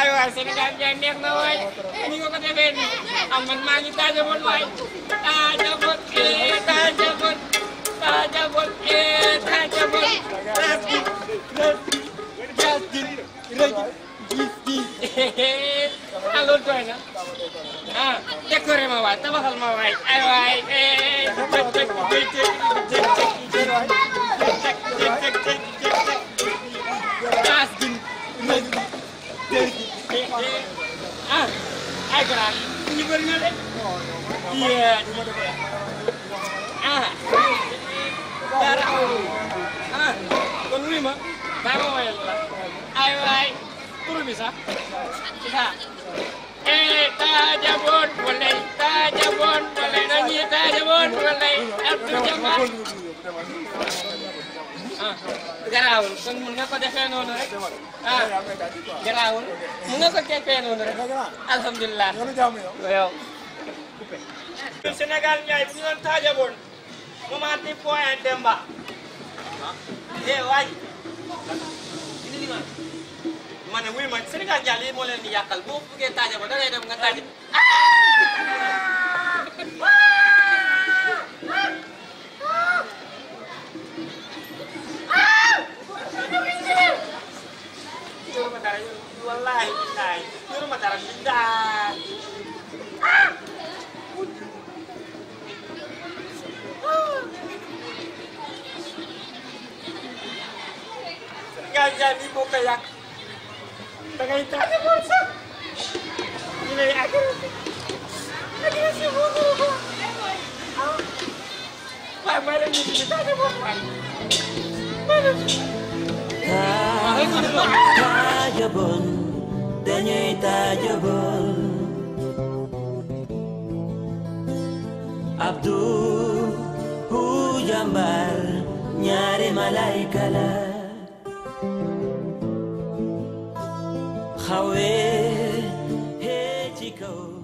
ay waay Sénégal jaay neex na waay ni nga ko defee nii am man maa ngi taajaboon waay taajaboon ee taajaboon taajaboon ee taajaboon ras gi ras gi ras gi rëy gis gis ah loolu tooy na ah décoré ma waay tabaxal ma waay ay waay ee Eh, ah ay grand ñu bëri na de. ah dara ah kon wuy ma baa ma wayal la ay waay tur bi sax ah. eh taajaboon wallay taajaboon wallay dañuy taajaboon wallay Abdou Jabbar ah. garaawul mu mun nga ko defee noonu rek ah, yow. Sénégal Ndiaye bu ñu doon taajaboon moment di point Demba eh waay ma ne wuy ma Sénégal Ndiaye lii moo leen di yàqal boo buggee taajaboon wallaay billaay yoruma dara billaay ah Sénégal jaay bi moo ko yàq da ngay taate moom sax ñu lay agressif agressif moo ko ko ah. waaye may leen ñu taate moom waaye may leen taajaboon dañuy taajaboon Abdou hu jàmbaar ñaari malayka la xawee hee ci kaw